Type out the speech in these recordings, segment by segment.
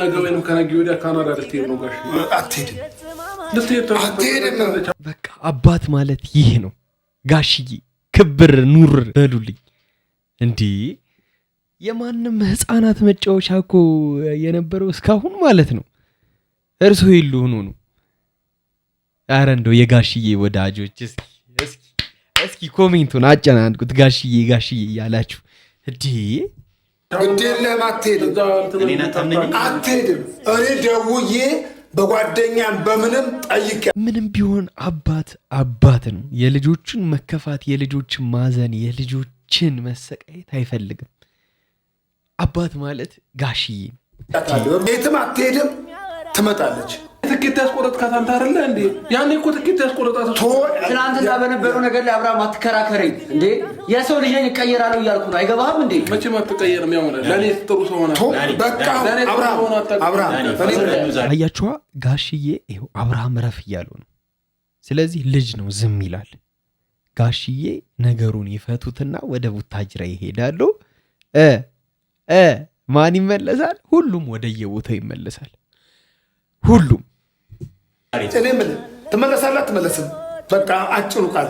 ነገ ወይም ከነገ ወዲያ ካናዳ ልትሄድ ነው ጋሽ አትሄድም፣ በቃ አባት ማለት ይህ ነው ጋሽዬ። ክብር ኑር በሉልኝ። እንዲህ የማንም ህፃናት መጫወቻ እኮ የነበረው እስካሁን ማለት ነው። እርሶ ይሉ ሆኖ ነው። አረ እንደው የጋሽዬ ወዳጆች እስኪ እስኪ እስኪ ኮሜንቱን አጨናንቁት። ጋሽዬ ጋሽዬ እያላችሁ እንዲህ ግዴለም አትሄድም አትሄድም። እኔ ደውዬ በጓደኛም በምንም ጠይቀ ምንም ቢሆን አባት አባት ነው። የልጆችን መከፋት፣ የልጆችን ማዘን፣ የልጆችን መሰቃየት አይፈልግም። አባት ማለት ጋሽዬ ቤትም አትሄድም ትመጣለች። ትኬት ያስቆረጥካት አንተ አይደለ እንዴ? ያኔ እኮ ትኬት ያስቆረጣት ትናንትና በነበረው ነገር ላይ አብርሃም አትከራከረኝ እንዴ! የሰው ልጅ ይቀየራለሁ እያልኩ ነው። አይገባህም እንዴ? መቼም አትቀየርም። ያው ለእኔ ጥሩ ሰው ሆነ። አያችኋ ጋሽዬ፣ ይኸው አብርሃም ረፍ እያሉ ነው። ስለዚህ ልጅ ነው ዝም ይላል። ጋሽዬ ነገሩን ይፈቱትና ወደ ቡታጅራ ይሄዳሉ። ማን ይመለሳል? ሁሉም ወደየቦታው ይመለሳል። ሁሉም እኔ የምልህ ትመለሳለህ አትመለስም። በቃ አጭሩ ቃል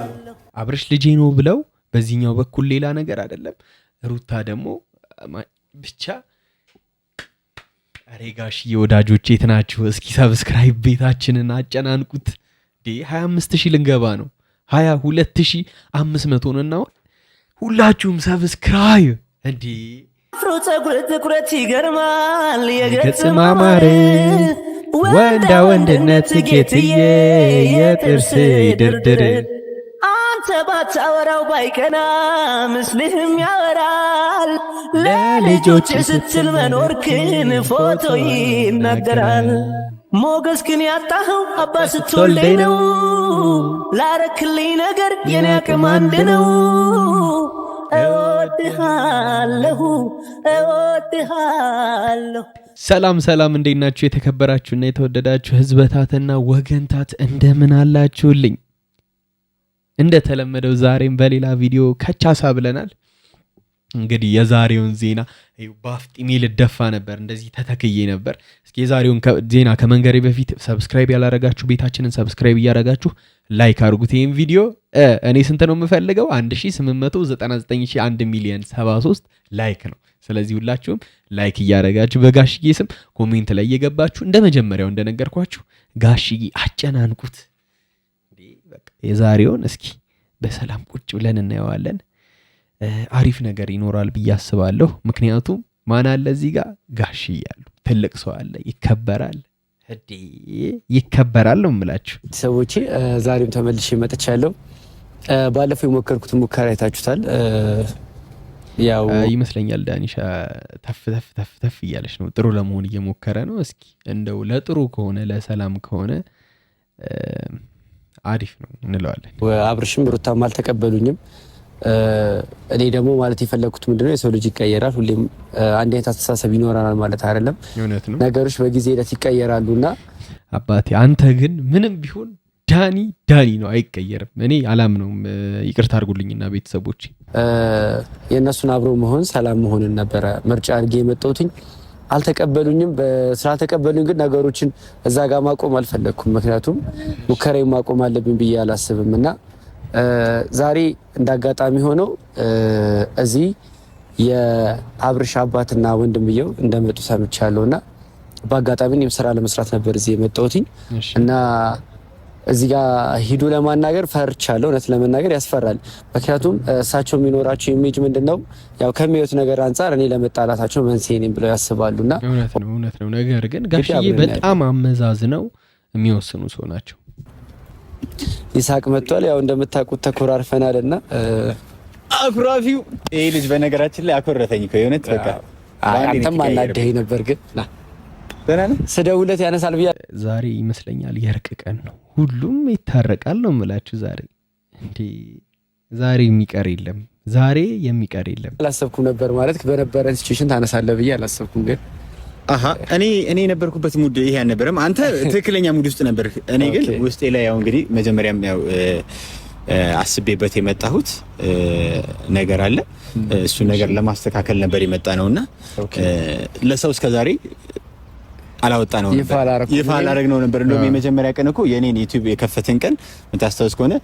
አብርሽ ልጄ ነው ብለው በዚህኛው በኩል ሌላ ነገር አይደለም። ሩታ ደግሞ ብቻ ሬ ጋሽዬ ወዳጆች የት ናችሁ? እስኪ ሰብስክራይብ ቤታችንን አጨናንቁት። ሀያ አምስት ሺህ ልንገባ ነው ሀያ ሁለት ሺህ አምስት መቶን እናሆን ሁላችሁም ሰብስክራይብ እንዴ ፍሮ ጸጉር ትኩረት ይገርማል የገጽ ማማሬ ወንዳ ወንድነት ጌትዬ የጥርስ ድርድር አንተ ባታወራው ባይቀና ምስልህም ያወራል። ለልጆች ስትል መኖርክን ፎቶ ይናገራል። ሞገስ ግን ያጣኸው አባ ስትወልደኝ ነው። ላረክልኝ ነገር የኔ አቅም አንድ ነው። እወድሃለሁ እወድሃለሁ ሰላም ሰላም፣ እንዴት ናችሁ? የተከበራችሁና የተወደዳችሁ ህዝበታትና ወገንታት እንደምን አላችሁልኝ? እንደተለመደው ዛሬም በሌላ ቪዲዮ ከቻሳ ብለናል። እንግዲህ የዛሬውን ዜና በአፍጢሜ ልደፋ ነበር፣ እንደዚህ ተተክዬ ነበር። እስኪ የዛሬውን ዜና ከመንገሬ በፊት ሰብስክራይብ ያላረጋችሁ ቤታችንን ሰብስክራይብ እያረጋችሁ ላይክ አድርጉት ይህም ቪዲዮ። እኔ ስንት ነው የምፈልገው? 1899 ሚሊዮን 73 ላይክ ነው። ስለዚህ ሁላችሁም ላይክ እያደረጋችሁ በጋሽዬ ስም ኮሜንት ላይ እየገባችሁ እንደ መጀመሪያው እንደነገርኳችሁ ጋሽዬ አጨናንቁት። የዛሬውን እስኪ በሰላም ቁጭ ብለን እናየዋለን። አሪፍ ነገር ይኖራል ብዬ አስባለሁ። ምክንያቱም ማን አለ እዚህ ጋር ጋሽዬ አሉ። ትልቅ ሰው አለ፣ ይከበራል። ይከበራል ነው የምላችሁ ሰዎቼ። ዛሬም ተመልሼ መጥቻለሁ። ባለፈው የሞከርኩትን ሙከራ አይታችሁታል። ያው ይመስለኛል ዳኒሻ ተፍ ተፍ ተፍ ተፍ እያለች ነው፣ ጥሩ ለመሆን እየሞከረ ነው። እስኪ እንደው ለጥሩ ከሆነ ለሰላም ከሆነ አሪፍ ነው እንለዋለን። አብርሽም ሩታም አልተቀበሉኝም። እኔ ደግሞ ማለት የፈለግኩት ምንድነው የሰው ልጅ ይቀየራል። ሁሌም አንድ አይነት አስተሳሰብ ይኖረናል ማለት አይደለም። ነገሮች በጊዜ ሂደት ይቀየራሉ እና አባቴ አንተ ግን ምንም ቢሆን ዳኒ ዳኒ ነው፣ አይቀየርም። እኔ አላምነውም። ይቅርታ አድርጉልኝና ቤተሰቦች የእነሱን አብሮ መሆን ሰላም መሆንን ነበረ ምርጫ አድርጌ የመጣሁትኝ። አልተቀበሉኝም። ስላልተቀበሉኝ ግን ነገሮችን እዛ ጋር ማቆም አልፈለግኩም። ምክንያቱም ሙከራዊ ማቆም አለብኝ ብዬ አላስብም እና ዛሬ እንዳጋጣሚ ሆነው እዚህ የአብርሽ አባትና ወንድምየው እንደመጡ ሰምቻለሁ እና በአጋጣሚ እኔም ስራ ለመስራት ነበር እዚህ የመጣሁትኝ እና እዚህ ጋር ሂዱ ለማናገር ፈርቻለሁ። እውነት ለመናገር ያስፈራል። ምክንያቱም እሳቸው የሚኖራቸው ኢሜጅ ምንድን ነው ያው ከሚያዩት ነገር አንጻር እኔ ለመጣላታቸው መንስኤ ነኝ ብለው ያስባሉና እውነት ነው። ነገር ግን ጋሽዬ በጣም አመዛዝ ነው የሚወስኑ ሰው ናቸው። ይስሐቅ መጥቷል። ያው እንደምታውቁት ተኮራርፈናል እና አኩራፊው ይሄ ልጅ በነገራችን ላይ አኮረተኝ እኮ የእውነት በቃ አንተም አናደኸኝ ነበር፣ ግን ስደውለት ያነሳል ብያ ዛሬ ይመስለኛል የእርቅ ቀን ነው። ሁሉም ይታረቃል ነው የምላችሁ ዛሬ እንዴ ዛሬ የሚቀር የለም። ዛሬ የሚቀር የለም። አላሰብኩም ነበር ማለት በነበረን ሲቹዌሽን ታነሳለህ ብዬ አላሰብኩም ግን እኔ እኔ የነበርኩበት ሙድ ይሄ አልነበረም። አንተ ትክክለኛ ሙድ ውስጥ ነበር። እኔ ግን ውስጤ ላይ ያው እንግዲህ መጀመሪያም ያው አስቤበት የመጣሁት ነገር አለ። እሱ ነገር ለማስተካከል ነበር የመጣ ነውና ለሰው እስከዛሬ አላወጣ ነው ይፋ አላረግ ነው ነበር። እንደውም የመጀመሪያ ቀን እኮ የኔን ዩቲዩብ የከፈትን ቀን የምታስታውስ ከሆነ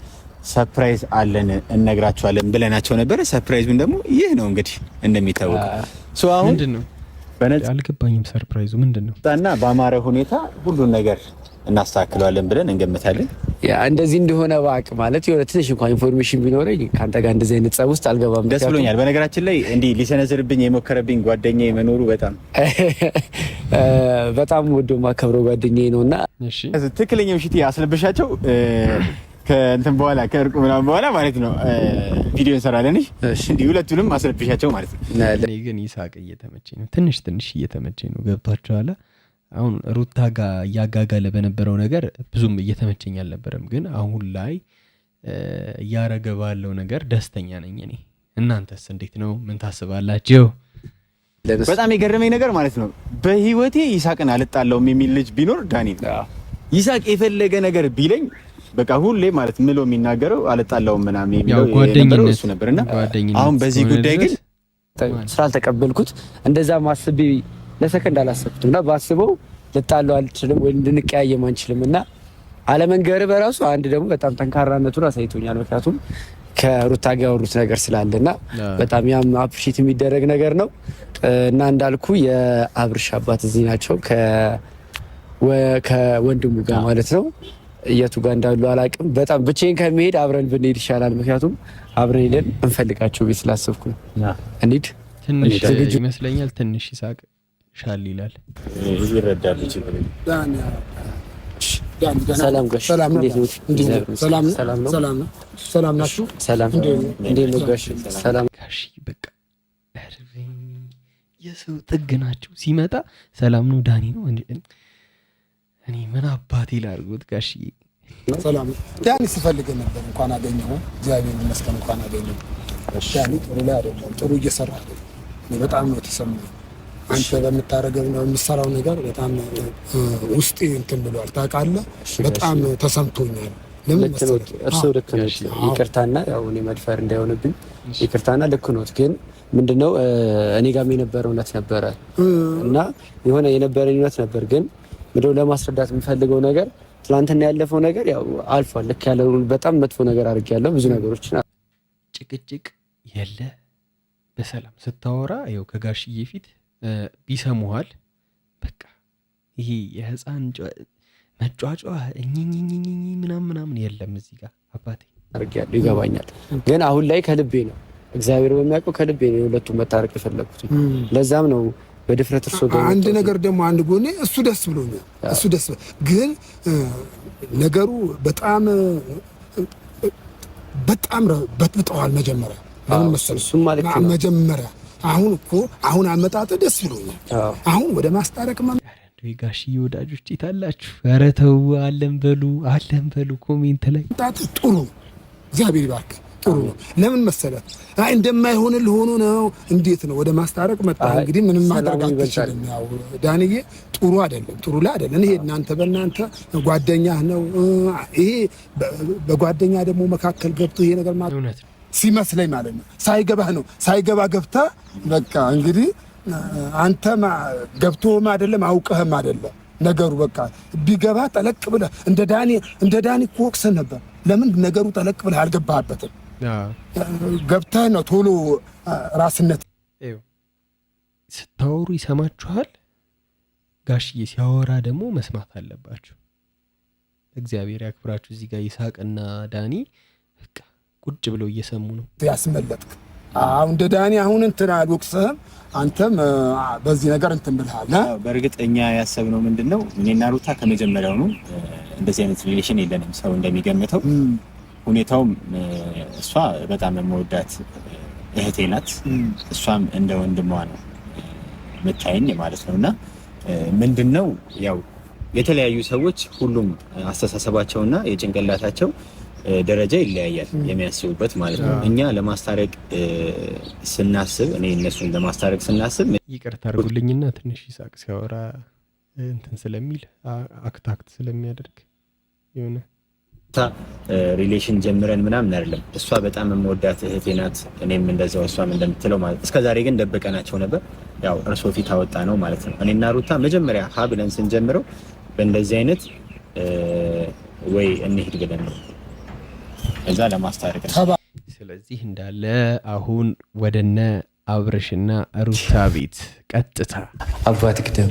ሰርፕራይዝ አለን እነግራቸዋለን ብለናቸው ነበረ። ሰርፕራይዙን ደግሞ ይህ ነው እንግዲህ እንደሚታወቀው አሁን አልገባኝም። ሰርፕራይዙ ምንድን ነው? እና በአማረ ሁኔታ ሁሉን ነገር እናስተካክለዋለን ብለን እንገምታለን። እንደዚህ እንደሆነ እባክ ማለት የሆነ ትንሽ እንኳ ኢንፎርሜሽን ቢኖረኝ ከአንተ ጋር እንደዚህ አይነት ጸብ ውስጥ አልገባም። ደስ ብሎኛል። በነገራችን ላይ እንዲህ ሊሰነዝርብኝ የሞከረብኝ ጓደኛ መኖሩ በጣም በጣም ወዶ ማከብረው ጓደኛ ነው እና ትክክለኛ ምሽት አስለብሻቸው ከእንትን በኋላ ከእርቁ ምናምን በኋላ ማለት ነው ቪዲዮ እንሰራለን። እንዲህ ሁለቱንም አስለብሻቸው ማለት ነው። ግን ይሳቅ እየተመቸኝ ነው፣ ትንሽ ትንሽ እየተመቸኝ ነው። ገብቷችኋል? አሁን ሩታ ጋር እያጋጋለ በነበረው ነገር ብዙም እየተመቸኝ አልነበረም፣ ግን አሁን ላይ እያረገ ባለው ነገር ደስተኛ ነኝ እኔ። እናንተስ እንዴት ነው? ምን ታስባላችሁ? በጣም የገረመኝ ነገር ማለት ነው በህይወቴ ይሳቅን አልጣለውም የሚል ልጅ ቢኖር ዳኒ ነው። ይሳቅ የፈለገ ነገር ቢለኝ በቃ ሁሌ ማለት ምሎ የሚናገረው አልጣላውም ምናምን የሚለው እሱ ነበር እና አሁን በዚህ ጉዳይ ግን ስላልተቀበልኩት እንደዛ ማስቤ ለሰከንድ አላሰብኩትም እና ባስበው ልጣለው አልችልም ወይም ልንቀያየም አንችልም እና አለመንገር በራሱ አንድ ደግሞ በጣም ጠንካራነቱን አሳይቶኛል። ምክንያቱም ከሩታ ጋር ያወሩት ነገር ስላለ እና በጣም ያም አፕሪሼት የሚደረግ ነገር ነው እና እንዳልኩ የአብርሽ አባት እዚህ ናቸው ከወንድሙ ጋር ማለት ነው የቱ ጋር እንዳሉ አላውቅም። በጣም ብቻዬን ከመሄድ አብረን ብንሄድ ይሻላል። ምክንያቱም አብረን ሄደን እንፈልጋቸው ቤት ስላሰብኩ እንሂድ። ትንሽ ይመስለኛል። ትንሽ ይሳቅ ሻል ይላል። ሰላም ጋሽ የሰው ጥግ ናቸው። ሲመጣ ሰላም ነው ዳኒ ነው እኔ ምን አባቴ ላርጉት ጋሽዬ። ሰላም ያኔ ስፈልግ ነበር። እንኳን አገኘሁ፣ እግዚአብሔር ይመስገን። እንኳን አገኘሁ። ያኔ ጥሩ ላይ አይደለም፣ ጥሩ እየሰራ በጣም ነው የተሰማኝ። አንተ በምታደርገው ነው የምሰራው ነገር በጣም ውስጤ እንትን ብሏል። ታውቃለህ፣ በጣም ተሰምቶኛል። ለምን እርሱ ልክ ነው። ይቅርታና ያው እኔ መድፈር እንዳይሆንብኝ ይቅርታና ልክ ኖት ግን ምንድነው እኔ ጋም የነበረ እውነት ነበረ እና የሆነ የነበረኝ እውነት ነበር ግን ምንድነው ለማስረዳት የምፈልገው ነገር ትናንትና ያለፈው ነገር ያው አልፏል። ልክ ያለ በጣም መጥፎ ነገር አድርግ ያለው ብዙ ነገሮች ጭቅጭቅ የለ በሰላም ስታወራ ያው ከጋሽዬ ፊት ቢሰሙሃል። በቃ ይሄ የህፃን መጫጫ እኝኝኝኝ ምናም ምናምን የለም እዚህ ጋር አባቴ አድርግ ይገባኛል። ግን አሁን ላይ ከልቤ ነው እግዚአብሔር በሚያውቀው ከልቤ ነው የሁለቱ መታረቅ የፈለግኩት ለዛም ነው በድፍረት እርሶ አንድ ነገር ደግሞ አንድ ጎኔ እሱ ደስ ብሎኛል። እሱ ደስ ግን ነገሩ በጣም በጣም በጥብጠዋል። መጀመሪያ ለምን መሰለህ መጀመሪያ አሁን እኮ አሁን አመጣጠ ደስ ብሎኛል። አሁን ወደ ማስታረቅ ጋሽዬ ወዳጆች ይታላችሁ። ኧረ ተው አለን በሉ አለን በሉ ኮሜንት ላይ ጣት ጥሩ እግዚአብሔር ይባርክ። ጥሩ ነው። ለምን መሰለህ? አይ እንደማይሆንልህ ሆኖ ነው። እንዴት ነው ወደ ማስታረቅ መጣ? እንግዲህ ምንም ማድረግ አትችልም። ያው ዳንዬ ጥሩ አይደለም፣ ጥሩ ላይ አይደለም። ይሄ እናንተ በእናንተ ጓደኛ ነው። ይሄ በጓደኛ ደግሞ መካከል ገብቶ ይሄ ነገር ማለት ሲመስለኝ ማለት ነው። ሳይገባህ ነው ሳይገባ ገብታ በቃ እንግዲህ አንተ ገብቶህም አይደለም አውቀህም አይደለም ነገሩ በቃ ቢገባ ጠለቅ ብለህ እንደ ዳኒ እንደ ዳኒ እኮ ነበር። ለምን ነገሩ ጠለቅ ብለህ አልገባህበትም? ገብተህ ነው ቶሎ ራስነት ስታወሩ ይሰማችኋል። ጋሽዬ ሲያወራ ደግሞ መስማት አለባችሁ። እግዚአብሔር ያክብራችሁ። እዚህ ጋር ይሳቅና ዳኒ በቃ ቁጭ ብለው እየሰሙ ነው። ያስመለጥክ እንደ ዳኒ አሁን እንትን አልወቅስህም። አንተም በዚህ ነገር እንትን ብልሃል። በእርግጥ እኛ ያሰብነው ምንድን ነው እኔና ሩታ ከመጀመሪያው ነው እንደዚህ አይነት ሪሌሽን የለንም ሰው እንደሚገምተው ሁኔታውም እሷ በጣም የምወዳት እህቴ ናት። እሷም እንደ ወንድሟ ነው የምታየኝ ማለት ነው። እና ምንድን ነው ያው የተለያዩ ሰዎች ሁሉም አስተሳሰባቸውና የጭንቅላታቸው ደረጃ ይለያያል፣ የሚያስቡበት ማለት ነው። እኛ ለማስታረቅ ስናስብ፣ እኔ እነሱን ለማስታረቅ ስናስብ፣ ይቅርታ አድርጉልኝና ትንሽ ይሳቅ ሲያወራ እንትን ስለሚል አክት አክት ስለሚያደርግ የሆነ ሪሌሽን ጀምረን ምናምን አይደለም። እሷ በጣም የምወዳት እህቴ ናት፣ እኔም እንደዛው እሷም እንደምትለው ማለት። እስከ ዛሬ ግን ደብቀናቸው ነበር፣ ያው እርሶ ፊት አወጣ ነው ማለት ነው። እኔና ሩታ መጀመሪያ ሀ ብለን ስንጀምረው በእንደዚህ አይነት ወይ እንሄድ ብለን ነው፣ እዛ ለማስታረቅ ስለዚህ እንዳለ አሁን ወደነ አብርሽና ሩታ ቤት ቀጥታ አባት ግደም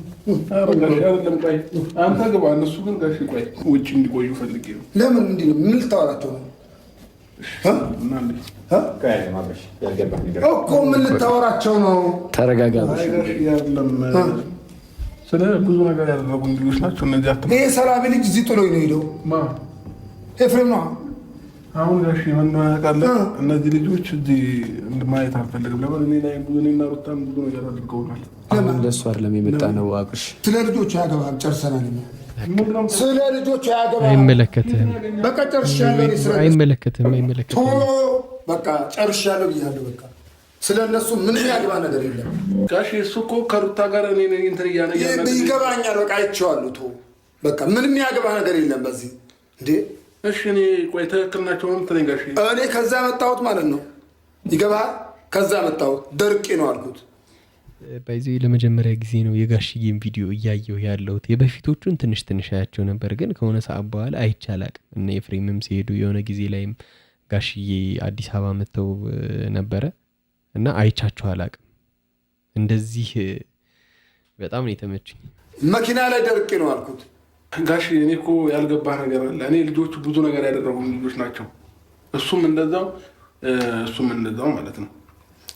አንተ ግባ፣ እነሱ ግን ጋሽ ቆይ፣ ውጭ እንዲቆዩ ፈልጌ ነው። ለምን እንዲ ነው? ምን ልታወራቸው ነው እኮ? ምን ልታወራቸው ነው? ተረጋጋ። ስለ ብዙ ነገር ያደረጉ እንዲሎች ናቸው እነዚህ። ይሄ ሰላቢ ልጅ እዚህ ጥሎኝ ነው ሄደው ኤፍሬም ነው አሁን ጋሽ የመናቃለ እነዚህ ልጆች እዚህ ማየት አልፈልግም። ለምን እኔ ላይ ብዙ እኔና በጣም ብዙ ነገር አድርገውናል። ለምን ለሱ አይደለም የመጣ ነው። አቅሽ ስለ ልጆች አያገባህም። ጨርሰናል። ስለ ልጆች አያገባህም። አይመለከትህም። በቃ ጨርሻለሁ። አይመለከትህም። አይመለከትህም። ቶሎ በቃ ጨርሻለሁ ብያለሁ። በቃ ስለ እነሱ ምንም ያግባ ነገር የለም። ጋሽ እሱ እኮ ከሩታ ጋር እኔ እንትን እያለ ይገባኛል። በቃ አይቼዋለሁ። በቃ ምንም ያገባ ነገር የለም በዚህ እንዴ እሺ እኔ ቆይ ትክክል ናቸው ነው እኔ ከዛ መጣሁት ማለት ነው ይገባሃል? ከዛ መጣሁት ደርቄ ነው አልኩት። ባይዘ ለመጀመሪያ ጊዜ ነው የጋሽዬን ቪዲዮ እያየሁ ያለሁት። የበፊቶቹን ትንሽ ትንሽ አያቸው ነበር፣ ግን ከሆነ ሰዓት በኋላ አይቻላቅ እና የፍሬምም ሲሄዱ የሆነ ጊዜ ላይም ጋሽዬ አዲስ አበባ መጥተው ነበረ እና አይቻቸው አላቅም። እንደዚህ በጣም ነው የተመችኝ። መኪና ላይ ደርቄ ነው አልኩት። ጋሽ እኔ እኮ ያልገባህ ነገር አለ። እኔ ልጆቹ ብዙ ነገር ያደረጉ ልጆች ናቸው። እሱም እንደዛው እሱም እንደዛው ማለት ነው።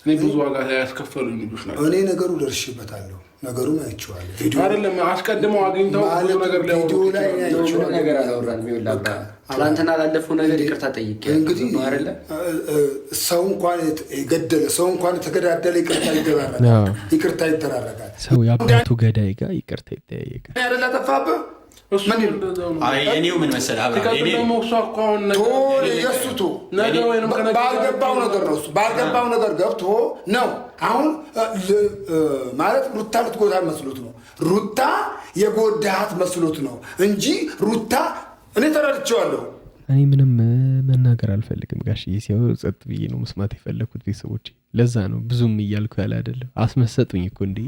እኔ ብዙ ዋጋ ያስከፈሉ ልጆች ናቸው። እኔ ነገሩ ደርሽበታለሁ። ነገሩን አይቼዋለሁ። አይደለም አስቀድመው አግኝተው ብዙ ነገር ነገር ላለፈው ነገር ይቅርታ ጠይቄ እንግዲህ ሰው እንኳን የገደለ ሰው እንኳን የተገዳደለ ይቅርታ ይደራረጋል፣ ይቅርታ ይደራረጋል። ሰው የአባቱ ገዳይ ጋር ይቅርታ ይጠያየቃል። ያደላ ጠፋብህ እኔው ምን መሰለህ ባልገባው ነገር ነው እሱ ባልገባው ነገር ገብቶ ነው። አሁን ማለት ሩታ ልትጎዳ መስሎት ነው። ሩታ የጎዳት መስሎት ነው እንጂ ሩታ እኔ ተረድቼዋለሁ። እኔ ምንም መናገር አልፈልግም ጋሽዬ፣ ሲያወሩ ጸጥ ብዬ ነው መስማት የፈለግኩት ቤተሰቦች። ለዛ ነው ብዙም እያልኩ ያለ አይደለም። አስመሰጡኝ እኮ እንዴ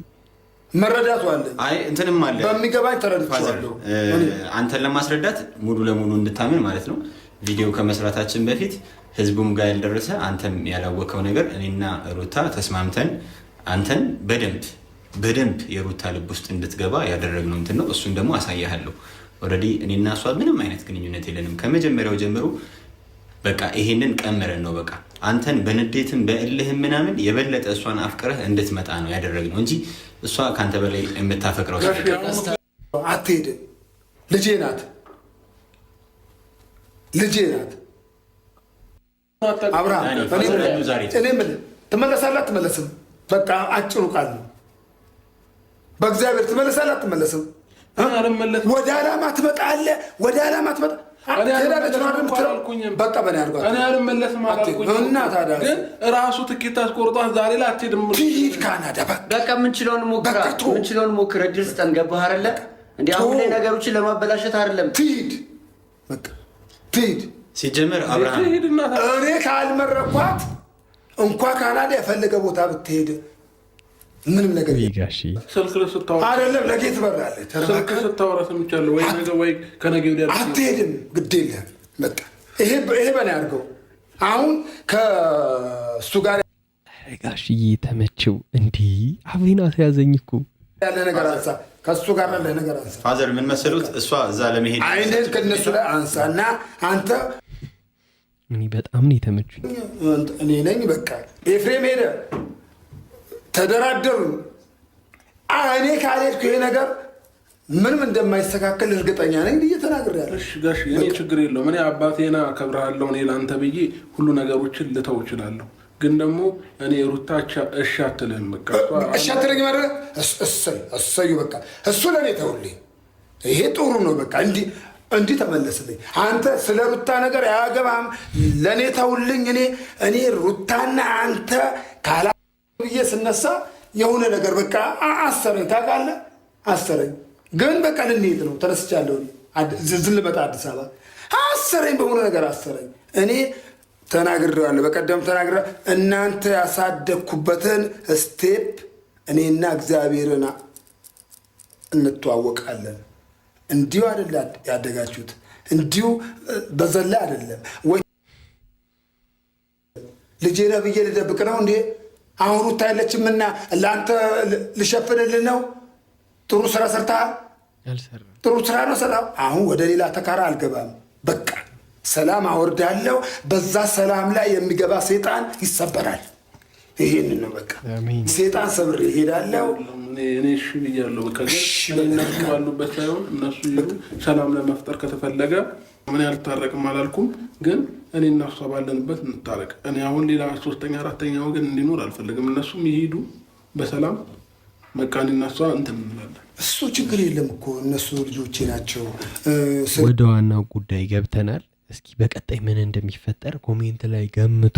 መረዳቱ አለ። አይ እንትንም አለ በሚገባ ተረድቻለሁ። አንተን ለማስረዳት ሙሉ ለሙሉ እንድታምን ማለት ነው። ቪዲዮ ከመስራታችን በፊት ህዝቡም ጋር ያልደረሰ አንተም ያላወቀው ነገር እኔና ሩታ ተስማምተን አንተን በደንብ በደንብ የሩታ ልብ ውስጥ እንድትገባ ያደረግነው እንትን ነው። እሱን ደግሞ አሳያለሁ። ኦልሬዲ እኔና እሷ ምንም አይነት ግንኙነት የለንም ከመጀመሪያው ጀምሮ በቃ ይሄንን ቀምረን ነው በቃ አንተን በንዴትም በእልህም ምናምን የበለጠ እሷን አፍቅረህ እንድትመጣ ነው ያደረግነው እንጂ እሷ ከአንተ በላይ የምታፈቅረው አትሄድም። ልጄ ናት፣ ልጄ ናት። አብርሃም እኔ ምን ትመለሳለህ አትመለስም? በቃ አጭሩ ቃል ነው። በእግዚአብሔር ትመለሳለህ አትመለስም? ወደ ዓላማ ትመጣለህ፣ ወደ ዓላማ ትመጣ ግን ራሱ ትኬት አስቆርጧት ዛሬ ላይ አትሄድም። በቃ የምንችለውን ሞክራ የምንችለውን ሞክረ እድል ስጠን። ገባህ አይደለ? እንደ አሁን ላይ ነገሮችን ለማበላሸት አይደለም። ትሂድ ትሂድ። ሲጀምር አብርሃም እኔ ካልመረኳት እንኳ ካናዳ የፈለገ ቦታ ብትሄድ ምንም ነገር አይደለም። ነገ ትበራለህ። አትሄድም፣ ግድ የለህም። በቃ ይሄ በላይ አድርገው። አሁን ከእሱ ጋር ጋሽዬ ተመቸው። እንዲህ አቤና ተያዘኝ እኮ ያለ ነገር አንሳ፣ ከእሱ ጋር ያለ ነገር አንሳ። ፋዘር ምን መሰሉት? እሷ እዛ ለመሄድ አይነት ከእነሱ ላይ አንሳ እና አንተ እኔ በጣም ነው የተመቹኝ። እኔ ነኝ በቃ ኤፍሬም ሄደ ተደራደሩ። እኔ ካልሄድኩ ይሄ ነገር ምንም እንደማይስተካከል እርግጠኛ ነኝ ብዬ ተናግሬያለሁ። እሺ ጋሽ እኔ ችግር የለውም። እኔ አባቴና አከብርሃለሁ። እኔ ለአንተ ብዬ ሁሉ ነገሮችን ልተው እችላለሁ። ግን ደግሞ እኔ ሩታቻ እሺ አትልህም። በቃ እሺ አትለኝ ማድረግ እሰይ እሰዩ በቃ እሱ ለእኔ ተውልኝ። ይሄ ጥሩ ነው። በቃ እንዲህ እንዲህ ተመለስልኝ። አንተ ስለ ሩታ ነገር አያገባም። ለእኔ ተውልኝ። እኔ እኔ ሩታና አንተ ካላ ብዬ ስነሳ የሆነ ነገር በቃ አሰረኝ፣ ታውቃለህ አሰረኝ። ግን በቃ ልንሄድ ነው ተነስቻለሁ፣ ልመጣ አዲስ አበባ አሰረኝ፣ በሆነ ነገር አሰረኝ። እኔ ተናግሬዋለሁ፣ በቀደም ተናግረ እናንተ ያሳደግኩበትን ስቴፕ እኔና እግዚአብሔርን እንተዋወቃለን። እንዲሁ አይደለ ያደጋችሁት፣ እንዲሁ በዘላ አይደለም ወይ ልጄ ነህ ብዬ ልደብቅ ነው እንዴ? አሁን ሩታ የለችምና ለአንተ ልሸፍንልን ነው። ጥሩ ስራ ሰርታ ጥሩ ስራ ነው ሰላም። አሁን ወደ ሌላ ተካራ አልገባም። በቃ ሰላም አወርዳለሁ። በዛ ሰላም ላይ የሚገባ ሴጣን ይሰበራል። ይሄን ነው በቃ ሴጣን ሰብር ይሄዳለው። እኔ እሺ ብያለሁ። እነሱ ባሉበት ሳይሆን እነሱ ሰላም ለመፍጠር ከተፈለገ ምን አልታረቅም አላልኩም፣ ግን እኔ እናሷ ባለንበት እንታረቅ። እኔ አሁን ሌላ ሶስተኛ አራተኛ ወገን እንዲኖር አልፈልግም። እነሱም ይሄዱ በሰላም መቃኔ እና እሷ እንትን እንላለን። እሱ ችግር የለም እኮ እነሱ ልጆቼ ናቸው። ወደ ዋናው ጉዳይ ገብተናል። እስኪ በቀጣይ ምን እንደሚፈጠር ኮሜንት ላይ ገምቱ።